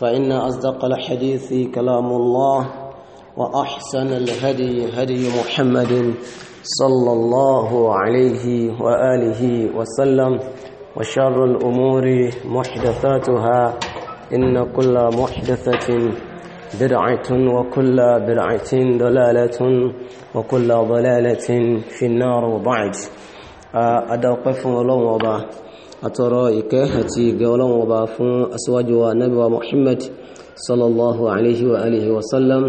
فإن أصدق الحديث كلام الله وأحسن الهدي هدي محمد صلى الله عليه وآله وسلم وشر الأمور محدثاتها إن كل محدثة برعة وكل برعة ضلالة وكل ضلالة في النار وبعد أدوقف الله وبعد atọrọ ìkẹ́ àti ìgẹ́ ọlọ́run ọba fún aṣíwájú wa nabi wa muhammad sallallahu alayhi wa alihi wa sallam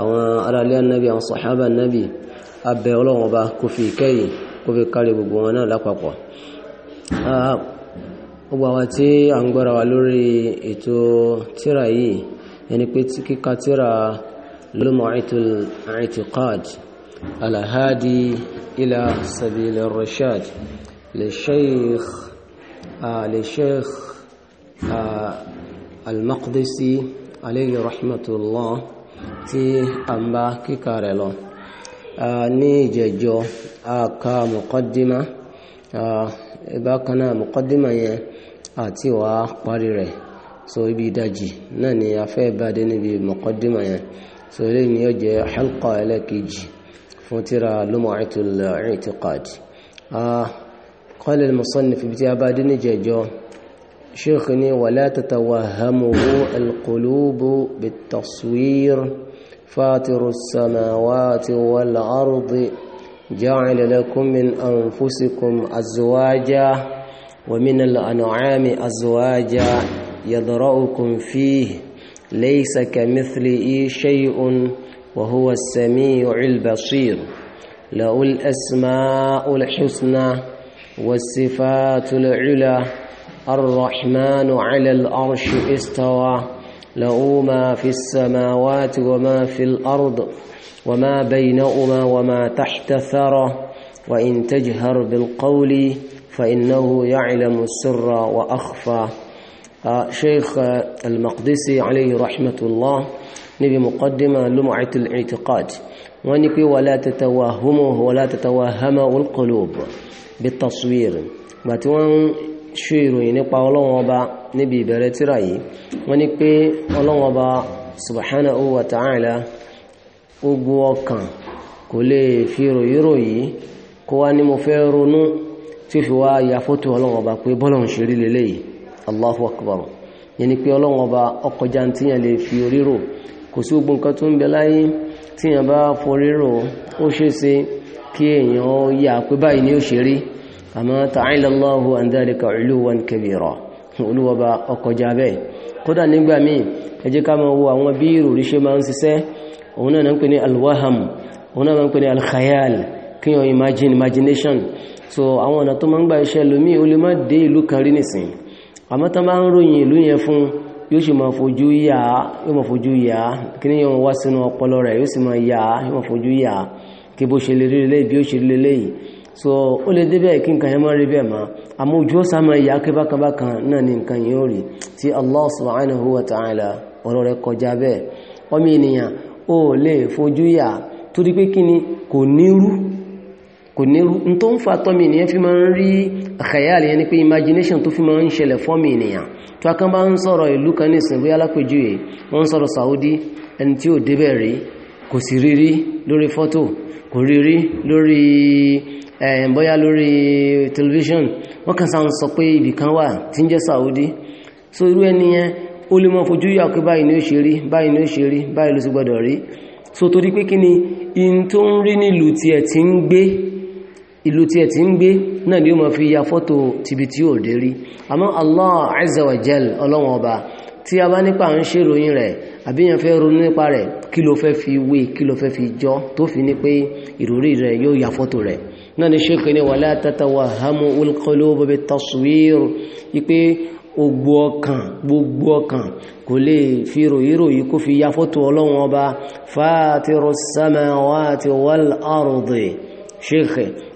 àwọn aráalé anabi àwọn sàhábà anabi abẹ ọlọ́run ọba kò fi ìkẹ́ yìí kò fi kárí gbogbo wọn náà lápapọ̀ gbogbo àwọn tí a ń gbọ́ra wa lórí ètò tíra yìí ẹni pé kíka tíra Lum'atul I'tiqad al-Hadi ila sabil rashad li Shaykh للشيخ المقدسي عليه رحمة الله تي أمبا كيكارلو نيججو أكا مقدمة إباكنا مقدمة àti wàá parí rẹ̀ so ibi ìdajì náà ni a fẹ́ bá dé níbi muqaddima yẹn so ilé ni yóò jẹ́ halqa ẹlẹ́kejì fún tíra Lum'atul I'tiqad قال المصنف بتي أبادني جيجو شيخني ولا تتوهمه القلوب بالتصوير فاطر السماوات والأرض جعل لكم من أنفسكم أزواجا ومن الأنعام أزواجا يضرأكم فيه ليس كمثله شيء وهو السميع البصير له الأسماء الحسنى والصفات العلى الرحمن على الأرش استوى له ما في السماوات وما في الأرض وما بينهما وما تحت ثرى وإن تجهر بالقول فإنه يعلم السر وأخفى آه، شيخ المقدسي عليه رحمة الله نبي مقدمة لمعة الاعتقاد ونكي ولا تتوهمه ولا تتوهمه القلوب bí taswir gbà tí wọ́n ń ṣe ìròyìn nípa ọlọ́wọ́n ọba níbi ìbẹ̀rẹ̀ tíra yìí wọ́n ní pé ọlọ́wọ́n ọba subhanahu wa ta'ala gbogbo ọkàn kò lè fi ròyìn ròyìn kó wá ní mo fẹ́ ronú tí ó fi wá ya fótó ọlọ́wọ́n ọba pé bọ́lọ̀ ń ṣe rí lélẹ́yìí allahu akbar yẹn ni pé ọlọ́wọ́n ọba ọkọjá tí lè fi orí kò sí gbogbo nǹkan tó ń bẹ láyé tí bá forí rò ó ṣeé ṣe kí èèyàn yà pé báyìí ni ó ṣe rí àmọ́ ta'ala Allahu an dhalika 'uluwan kabira olúwọba ọkọjá bẹ́ẹ̀ kódà nígbà míì ẹ jẹ́ ká máa wo àwọn bí ìròrí ṣe máa ń ṣiṣẹ́ òun náà ń pè ní alwaham òun náà ń pè ní alkhayal kíyàn imagine imagination so àwọn ọ̀nà tó máa ń gba iṣẹ́ lómi ó lè má dé ìlú kan rí nìsín àmọ́ tán bá ń ròyìn ìlú yẹn fún yóò sì máa fojú yà á yóò máa fojú yà kí ni yóò wá sínú ọpọlọ rẹ̀ yóò sì máa yà yóò máa fojú yà kí bó ṣe lè rí lélẹ́yìí bí ó ṣe rí lélẹ́yìí so ó lè débẹ̀ kí nǹkan yẹn máa rí bẹ́ẹ̀ máa àmọ́ ojú ó sáà máa yà kí bákanbákan náà ni nǹkan yẹn ó rí tí Allah subhanahu wa ta'ala ọ̀rọ̀ rẹ̀ kọjá bẹ́ẹ̀ ọmọ imagination tó fi máa ń ṣẹlẹ̀ fọ́mì ènìyàn tó a kan bá ń sọ̀rọ̀ ìlú ẹni tí ó débẹ̀ rí kò sì rí rí lórí fọ́tò kò rí rí lórí eh, bóyá lórí tẹlifíṣàn wọ́n kàn sáà ń sọ pé ibìkan wà tí ń jẹ́ Saudi so irú ẹni o ó lè mọ́ fojú yà pé báyìí ni ó ṣe rí báyìí ni ó ṣe rí báyìí ló sì gbọ́dọ̀ rí so tori pé kí ni tó ń rí tí ẹ̀ ti ń gbé ìlú tí ti ń gbé náà ni ó fi ya fọ́tò tìbí tí dé ọba tí a bá nípa ń ṣe ìròyìn rẹ̀ àbí yẹn fẹ́ ronú nípa rẹ̀ kí ló fẹ́ fi wé kí ló fẹ́ fi jọ tó fi ní pé ìròrí rẹ̀ yóò ya fọ́tò rẹ̀ náà ni ṣéèkì ni wàlá tatawahhamu al-qulubu bit-taswir wípé gbogbo ọkàn gbogbo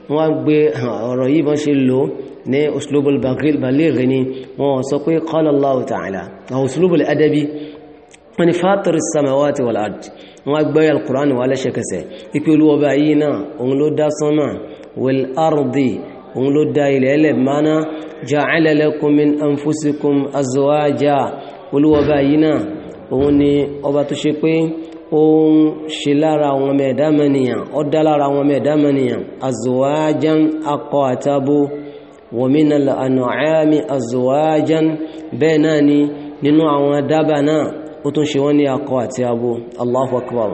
ọ̀rọ̀ yìí bọ́n ṣe lò ní uslubul baghil baligh ni wọ́n sọ pé qala Allahu ta'ala àwọn uslubul adabi wọ́n ni fatir samawati wal ard wọ́n gbẹ́yà al-Qur'an wà lẹ́ṣẹ̀kẹsẹ̀ ipi olúwọba yìí náà òun ló dá sánmà wal ardi òun ló dá ilẹ̀ ẹlẹ̀ mana ja'ala lakum min anfusikum azwaja olúwọba yìí náà òun ni ọba tó ṣe pé ó ṣe lára àwọn ọmọ mẹ́niyàn ó lára àwọn ọmọ mẹ́niyàn azwajan akọ àtabo ومن الأنعام أزواجا بيناني nínú àwọn dábà náà ó tún ṣe wọ́n ní akọ àti abo Allahu Akbar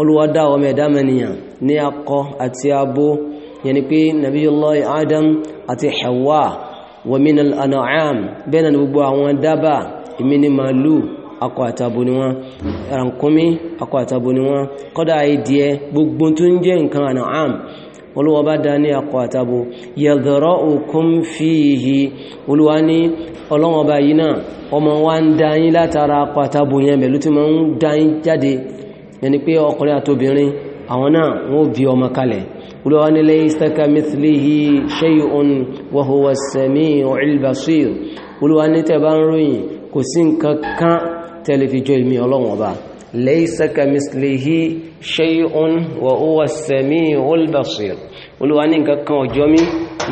olùwádá ọmọ ẹ̀dá mẹ́niyàn ní akọ àti abo yẹni pé Nabiyullahi Adam àti Hawa wa minal an'am bẹ́ẹ̀ náà gbogbo àwọn dábà èmi ni màálù akọ àti abo ni wọ́n rankumi akọ àti abo ni wọ́n kọ́dà ìdíẹ gbogbo tó ń jẹ́ nǹkan an'am olúwa bá dá ní akọ àtàbò yẹ̀dọ̀rọ̀ òkun fíhì olúwa ní ọlọ́wọ́n bá yìí náà ọmọ wa ń dá yín látara akọ àtàbò yẹn pẹ̀lú tí wọ́n ń dá yín jáde yẹni pé ọkùnrin àtobìnrin àwọn náà wọ́n bí ọmọ kalẹ̀ olúwa ní laysa kamithlihi ليس كمثله شيء وهو السميع البصير Olúwa ní nǹkan kan ọjọ́ mi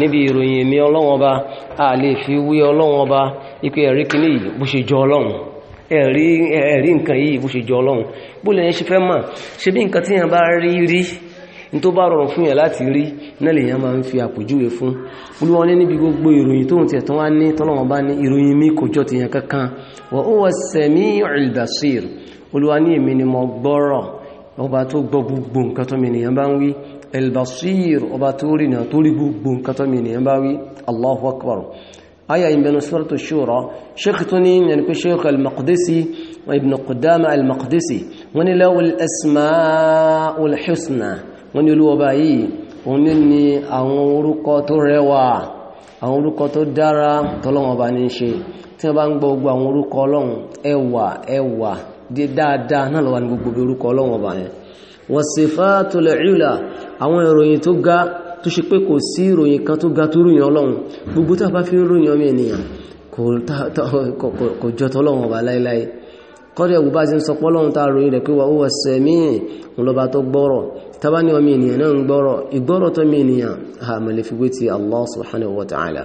níbi ìròyìn mi Ọlọ́run Ọba a lè fi wí Ọlọ́run Ọba ipe ẹ̀rí kìíní yìí bó ṣe jọ Ọlọ́run ẹ̀rí ẹ̀rí nǹkan yìí bó ṣe jọ Ọlọ́run bó lè ṣe fẹ́ mà ṣe bí nǹkan tí yẹn bá rí rí ní tó bá rọrùn fún yẹn láti rí náà lèyàn máa ń fi àpòjúwe fún Olúwa ní níbi gbogbo ìròyìn tóun tiẹ̀ tó wá ní tọ́lọ́run Ọba ní ìròyìn mi kò jọ tìyàn kankan wa huwa as-sami'ul basir olúwa ní èmi ni mo gbọ́rọ̀ ọba tó gbọ́ gbogbo nǹkan tó mìnìyàn bá ń wí elbasir ọba tó rí náà tó rí gbogbo nǹkan tó mìnìyàn bá wí allahu akbar aya ìbẹnu suratu shura sheikh tó ní yẹni pé sheikh al-maqdisi ibn qudama al-maqdisi wọ́n ni lawal asma'ul husna wọ́n ni olúwa báyìí òun di dáadáa náà lọ́wọ́ ní gbogbo orúkọ ọlọ́wọ́ ọba yẹn wọ́n sì fá tolẹ̀ ìlà àwọn ìròyìn tó ga tó ṣe pé kò sí ìròyìn kan tó ga tó ròyìn ọlọ́run gbogbo tá a bá fi ń ròyìn ọmọ ènìyàn kò jọ tọ́lọ́wọ́ ọba láéláé kọ́dẹ̀ wù bá ti ń sọ pọ́ tá ròyìn rẹ̀ pé wà ó wà sẹ̀mí ńlọba tó gbọ́rọ̀ tábà ọmọ ènìyàn náà ń gbọ́rọ̀ ìgbọ́rọ̀ tọ́mọ ènìyàn àmàlẹ́fiwé ti Allah subhanahu wa ta'ala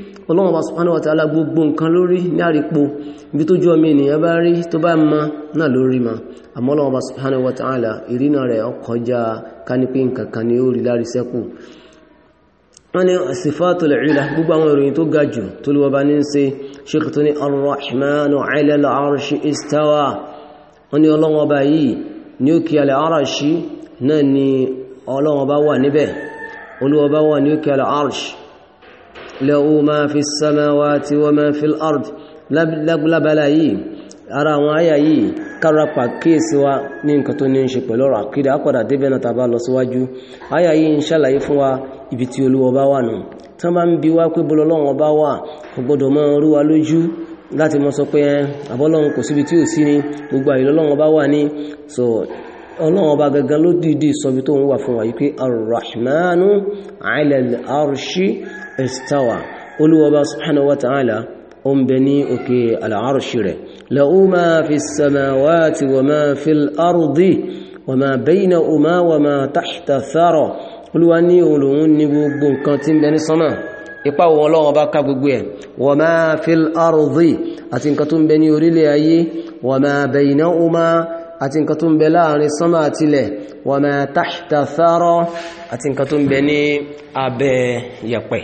ọlọ́wọ́n bá subhanahu wa ta'ala gbogbo nǹkan lórí ní àrípo ibi tó jú ọmọ ènìyàn bá rí tó bá ma náà lórí ma àmọ́ ọlọ́wọ́n bá subhanahu wa ta'ala ìrìnà rẹ̀ ọkọjá kánípé nǹkan kan ni ó rí lárí sẹ́kù wọ́n ni sifatul ula gbogbo àwọn ìròyìn tó ga jù tó lọ́wọ́ olúwọ́ bá wà ní òkè al-arshi له ما في السماوات وما في الأرض lábàlá yìí ara àwọn àyà yìí kárapà kíyèsí wa ní nǹkan tó ní ń ṣe pẹ̀lú ọ̀rọ̀ àkídà àpàdà débẹ̀ náà tàbá lọ síwájú àyà yìí ń ṣàlàyé fún wa ibi tí olúwa bá wà nù tí wọ́n bá ń bi wá pé bọ́lọ́ lọ́wọ́ bá wà kò gbọ́dọ̀ mọ́ rú wa lójú láti mọ́ sọ pé àbọ́lọ́run kò síbi tí ò sí ni gbogbo àyè lọ́wọ́ bá wà ní so ọlọ́wọ́ bá gangan ló dìídì sọ bí tó ń wà fún wa yìí pé arrahmanu alal arshi istawa olúwọba subhanahu wa ta'ala o ń bẹ ní òkè al'arṣi rẹ̀ la'u ma fi samawati wa ma fi al'ardi wa ma bayna uma wa ma tahta thara olúwa ní olóhun ní gbogbo nǹkan tí ń bẹ ní sánmà ipa wọn lọ́wọ́ bá ká gbogbo ẹ̀ wa ma fi al'ardi àti nǹkan tó ń bẹ ní orílẹ̀ ayé wa ma bayna uma àti nǹkan tó ń bẹ láàrin sánmà àtilẹ̀ wa ma tahta thara àti nǹkan tó ń bẹ ní abẹ́ yẹ̀pẹ̀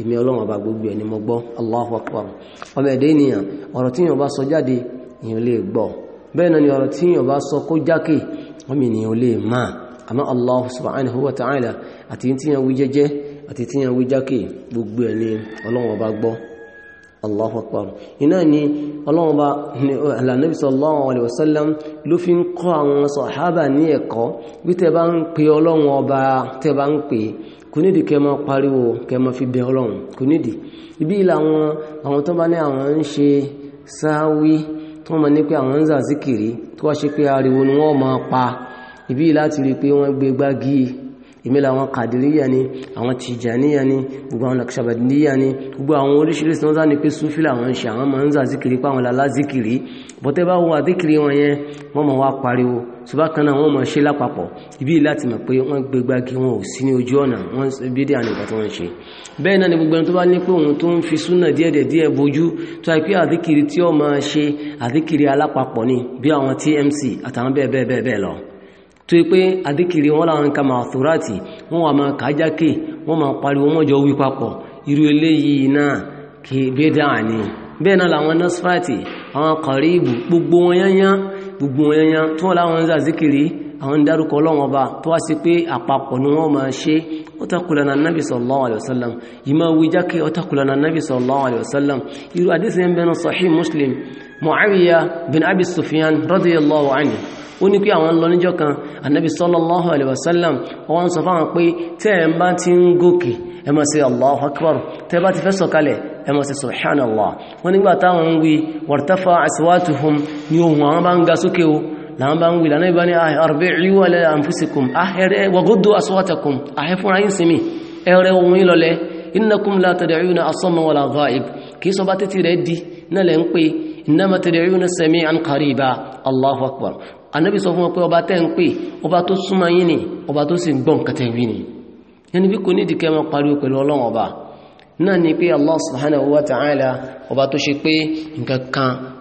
èmi ọlọ́run ọba gbogbo ẹni mo gbọ́ Allahu Akbar ọmọ ẹ̀dẹ́ ènìyàn ọ̀rọ̀ tí yàn bá sọ jáde èyàn lè gbọ́ bẹ́ẹ̀ náà ni ọ̀rọ̀ tí yàn bá sọ kó jákè ọmọ ènìyàn lè má àmọ́ Allahu subhanahu wa ta'ala àti tí yàn wí jẹ́jẹ́ àti tí yàn kò nídi kẹ ma pariwo kẹ ma fi bẹ ọlọ́run kò nídi ibi ilà àwọn àwọn tó bá ní àwọn ń ṣe sáwí tó ma ní pé àwọn ń zà zikiri tó wá ṣe pé ariwo ni wọ́n ma pa ibi láti rí pé wọ́n gbé gbági ìmẹ́lẹ̀ àwọn kàdìríyà ni àwọn tìjàníyà ni gbogbo àwọn lakṣàbàdìníyà ni gbogbo àwọn oríṣiríṣi wọ́n sáni pé súfílà àwọn ṣe àwọn ma ń zà zíkiri pa àwọn lálá zíkiri bọ́tẹ́ bá wọ́n àdíkiri wọn yẹn wọ́n ma wá pariwo ṣùgbọ́n kan ma ṣe lápapọ̀ ibi láti mọ̀ pé wọ́n gbégbá kí wọn ò sí ní ojú ọ̀nà wọ́n bídí àníkà tí wọ́n ṣe bẹ́ẹ̀ náà ni gbogbo ẹni tó bá ní pé òun tó ń fi súnà díẹ̀dẹ̀ bojú tó àìpé àdíkiri tí ó ma ṣe àdíkiri alápapọ̀ ni bí àwọn tmc àtàwọn bẹ́ẹ̀ bẹ́ẹ̀ bẹ́ẹ̀ lọ tó pé adékiri wọn láwọn nǹkan ma tòrátì wọn wà máa kàájákè wọn máa pariwo wọn jọ wí papọ̀ irú eléyìí náà kì í bẹ́ dáa ni bẹ́ẹ̀ náà làwọn nọ́sífàtì àwọn kọ̀rí gbogbo wọn yányán gbogbo wọn yányán tó láwọn ń àwọn dárúkọ ọlọ́wọ́n bá tó wá sí pé àpapọ̀ ni wọ́n máa ṣe ọtakùlànà náàbì sallallahu alaihi wasallam yìí máa wí jákè ọtakùlànà náàbì sallallahu alaihi wasallam irú àdísì ń bẹnu sahih muslim muawiya bin abi sufyan radiyallahu anhu ó ní pé àwọn lọ níjọ́ kan ànábì sallallahu alaihi wasallam wọ́n sọ fáwọn pé tẹ́ ẹ̀ bá ti ń gòkè ẹ máa ṣe allahu ohun àwọn bá ń ga sókè o làwọn bá ń wí lànà ìbáni arbi'u ala anfusikum ahẹ́rẹ́ wa guddu aswatakum ahẹ́ fúnra yín sinmi ẹ̀rẹ́ ohun ìlọlẹ̀ innakum la tad'una asamma wala ghaib kì í sọ bá tètè rẹ̀ di náà lẹ́ ń pè innama tad'una sami'an qariba allahu akbar anabi sọ fún wa pé ọba tẹ́ ń pè ọba tó súnmọ́ yín ni ọba tó sì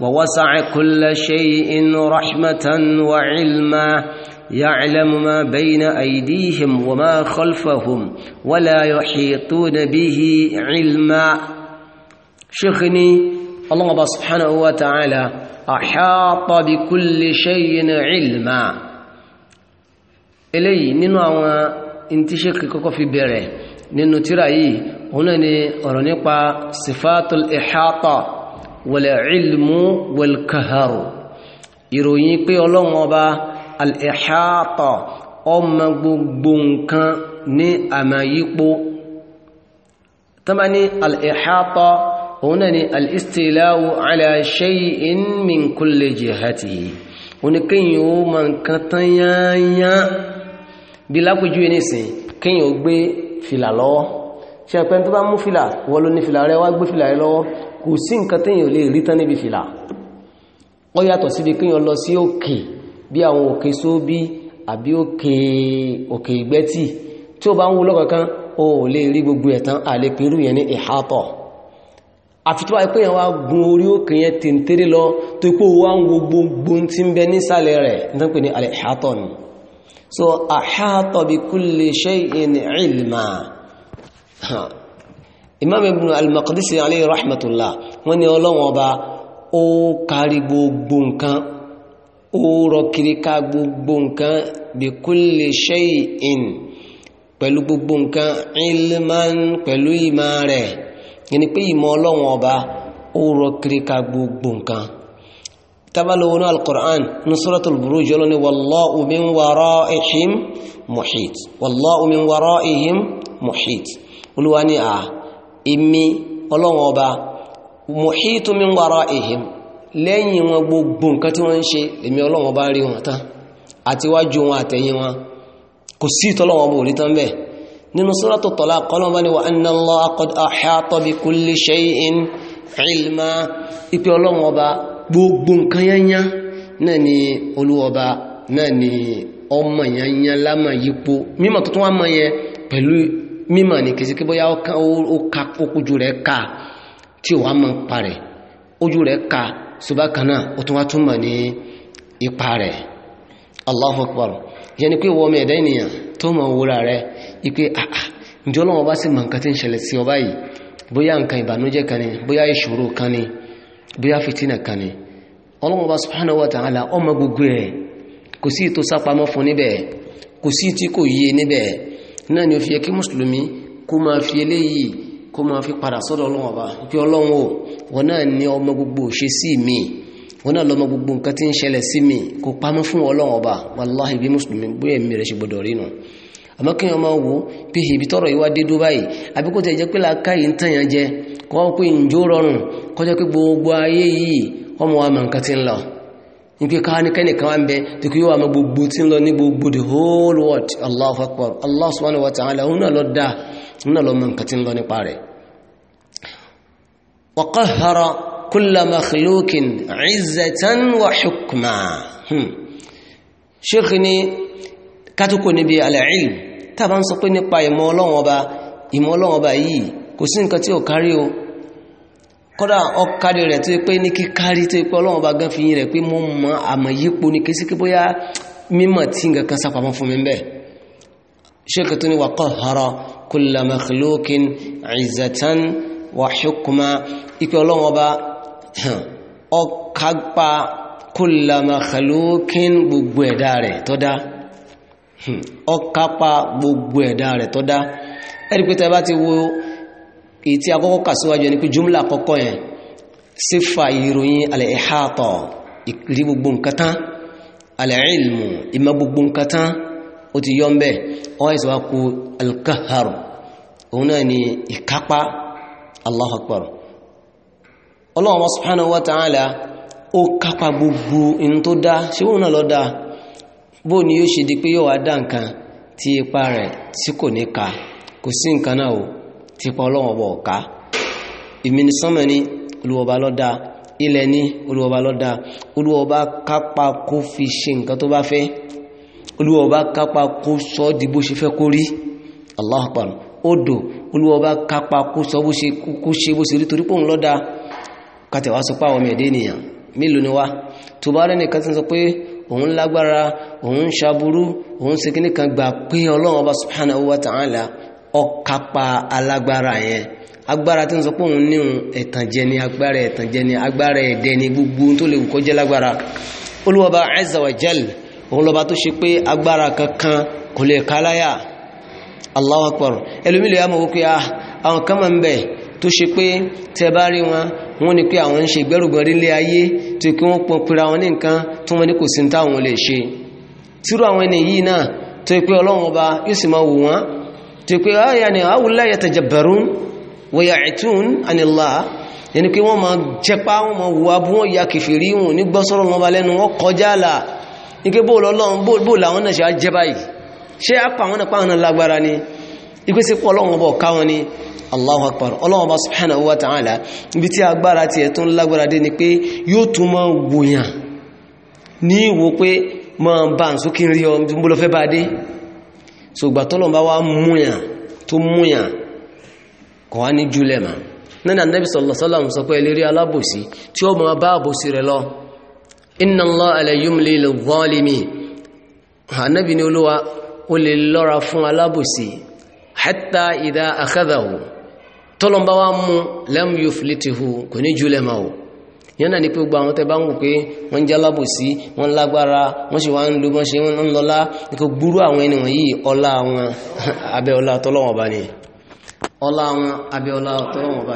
ووسع كل شيء رحمة وعلما يعلم ما بين أيديهم وما خلفهم ولا يحيطون به علما شيخني الله سبحانه وتعالى أحاط بكل شيء علما إلي ننو انتشك كوكو في بيره ننو ترى ايه هنا ني صفات الإحاطة wal-ilmu wal-qaharu ìròyìn pé ọlọ́run ọba al-ihata ọmọ gbogbo nǹkan ní àmàyípo tánbà ní al-ihata òun náà ni al-istilau ala shay'in min kulli jihatihi oníkéyìn ó ma nǹkan tán yányá bí lápójú kò sí nǹkan téèyàn lè rí tán níbi fìlà ó yàtọ̀ síbi kéèyàn lọ sí òkè bí àwọn òkè sóbí àbí òkè òkè ìgbẹ́tì tí ó bá ń wo lọ́kọ̀ọ̀kan o lè rí gbogbo ẹ̀tàn àlepinrú yẹn ní ìhátọ̀ àfi tó wáyé pé ìhátọ̀ ni so ahata bi kulli shay'in ilma imam ibn al-maqdisi alayhi rahmatullah wọ́n ní ọlọ́wọ́n ọba ó kárí gbogbo nǹkan ó rọ kiri ká gbogbo nǹkan bi kulli shay'in pẹ̀lú gbogbo nǹkan ilman pẹ̀lú ìmọ̀ rẹ̀ yẹni pé ìmọ̀ ọlọ́wọ́n ọba ó rọ kiri ká gbogbo nǹkan tabalowo ní al-Qur'an ní suratul Buruj jọlọ ni wallahu min wara'ihim muhit wallahu min wara'ihim muhit olúwa ni a èmi ọlọ́wọ́n ọba muhitu min waraihim lẹ́yìn wọn gbogbo nǹkan tí wọ́n ń ṣe èmi ọlọ́wọ́n ọba rí wọn tán àti wájú wọn àtẹ̀yìn wọn kò sí ìtọ́lọ́wọ́n ọba òrí tán bẹ́ẹ̀ nínú suratu Talaq kọ́lọ́mọ́ ni wa anna Allaha qad ahata bi kulli pẹ̀lú mímọ̀ ní kìí sí kí bóyá ó ka ojú rẹ̀ ka tí wà mọ̀ pa rẹ̀ ojú rẹ̀ ka ṣùgbọ́n ó tún wá tún mọ̀ ní ipa rẹ̀ Allahu yẹn ni pé wọ́n mi ẹ̀dá ènìyàn tó mọ̀ wúra rẹ̀ ipe àà ǹjẹ́ ọlọ́wọ́ bá sì mọ̀ nǹkan tí ń ṣẹlẹ̀ sí ọba yìí bóyá nǹkan ìbànújẹ́ kan ni bóyá ìṣòro kan ni bóyá fìtínà kan ni ọlọ́wọ́ bá ọmọ gbogbo kò sí sápamọ́ fún níbẹ̀ kò sí tí kò níbẹ̀ náà ni ó fi yẹ kí mùsùlùmí kó máa fi eléyìí kó máa fi padà sọ́dọ̀ ọlọ́run ọba pé ọlọ́run o wọn náà ní ọmọ gbogbo ṣe sí mi wọn náà lọ́mọ gbogbo nǹkan tí ń ṣẹlẹ̀ sí mi kò pamọ́ fún ọlọ́run ọba wàláhì bí mùsùlùmí bóyá èmi rẹ̀ ṣe gbọdọ̀ rí nu àmọ́ kí wọ́n máa wò ó ibi tọ́rọ̀ yìí wá dé dó àbí kó tẹ̀ jẹ́ pé làákà yìí ń tàn yẹn jẹ kó wọ́n pé ǹjó rọrùn kó jẹ́ pé gbogbo ayé yìí ọmọ wa mọ̀ nǹkan ti ń lọ nígbé ká ní kẹ́nìkan wá ń bẹ tí kí yóò wà mọ́ gbogbo tí ń lọ ní gbogbo the whole world Allahu Akbar Allah subhanahu wa ta'ala òun náà lọ dáa òun lọ mọ nǹkan tí ń lọ nípa rẹ̀ wa qahhara kulla makhluqin izzatan wa hukma ṣéèkì ní kátó níbi al-ilm sọ pé nípa ìmọ̀ Ọlọ́run ọba yìí kò sí nǹkan tí ò kárí o kọ́dà ọkàrí rẹ̀ tó pé ní kíkárí tó pé ọlọ́run bá gán fi yín rẹ̀ pé mo mọ àmọ̀ yípo ní kìsíkí bóyá mímọ̀ tí nǹkan kan sápamọ́ fún mi bẹ́ẹ̀ ṣéèkì tó ní wa qahhara kulla makhluqin izzatan wa hukma ipe ọlọ́run ọba ọkàgbà kulla makhluqin gbogbo ẹ̀dá rẹ̀ tó dá ọkàpá gbogbo ẹ̀dá rẹ̀ tó dá ẹ̀rí pé tẹ́ bá ti wo èyí tí akọ́kọ́ kà síwájú ẹni pé jùmlà àkọ́kọ́ yẹn sífà ìròyìn al-ihata ìrí gbogbo nǹkan tán al-ilmu ìmọ̀ gbogbo nǹkan tán ó ti yọ mbẹ́ ọ́ ẹ̀sẹ̀ wá kú al-qahar òun náà ni ìkápá Allahu kò sí nǹkan náà ti pa ọlọ́run ọba ọ̀ká èmi ni sánmọ̀ ni olúwọba lọ́dá ilẹ̀ ni olúwọba lọ́dá olúwọba kápá kó fi ṣe nǹkan tó bá fẹ́ olúwọba kápá kó sọ di ṣe fẹ́ kó rí Allahu Akbar odò olúwọba kápá kó sọ bó ṣe kó ṣe bó ṣe rí torí pòun lọ́dá kàtẹ̀wá sọ pé àwọn ọmọ ẹ̀dẹ́ ènìyàn mélòó ni wá tó bá rẹ́ nìkan ti sọ pé òun lágbára òun ṣaburú òun ṣe kíníkan gbà pé ọlọ́run ọba subhanahu wa ta'ala ọkapa alágbára yẹn agbára tí ń sọ pé òun ní òun ẹ̀tànjẹ ni agbára ẹ̀tànjẹ ni agbára ẹ̀dẹ ni gbogbo tó lè kọjá lágbára olúwọba azza wa jal òun lọba tó ṣe pé agbára kankan kò lè káláyà Allahu akbar ẹlòmílẹ̀ yà mọ̀ wípé ah, àwọn kan máa ń bẹ̀ tó ṣe pé tẹ bá rí wọn wọn ni pé àwọn ń ṣe ìgbẹ́rùgbọ́n rílé ayé tó kí wọ́n pọn pera wọn ní nǹkan tó wọn ní kò sí ní táwọn lè ṣe tírú àwọn ẹni yìí náà tó pé ọlọ́run ọba yóò sì máa wò wọ́n tí pé ah yà ni àwùlá yatajabbarun wa ya'tun anillah yẹni pé wọ́n ma jẹpa wọ́n ma wùwá bú wọ́n ya kìfìrí wọn ní gbọ́sọ́rọ̀ wọn ba lẹ́nu wọ́n kọjá àlà ní pé bóòlù ọlọ́run bóòlù àwọn náà ṣe á jẹ báyìí ṣé á pa àwọn náà pa àwọn náà lágbára ni ìpèsè pọ̀ ọlọ́run ọba ọ̀ká wọn ni allahu akbar sògbà tọ́lọ̀ bá wá múyàn tó múyàn kọ̀ wá ní júlẹ̀ mà nínú anábì sallallahu alaihi wasallam sọ pé eléré alábòsí tí ó máa bá àbòsí rẹ̀ lọ inna Allaha la yumli lil-zalimi anábì ní olúwa ó lè lọ́ra fún alábòsí hatta idha akhadhahu tọ́lọ̀ bá wá mú lam yuflithu kò ní júlẹ̀ mà o yẹn náà ni pé gbogbo àwọn tẹ bá ń wò pé wọ́n ń jálábòsí wọ́n lágbára wọ́n sì wá ń lo wọ́n ṣe ń lọ́lá nǹkan gbúrú àwọn ẹni wọ̀nyí ọlá wọn abẹ́ ọlá tọ́lọ́wọ̀n ọba ni ọlá wọn abẹ́ ọlá tọ́lọ́wọ̀n ọba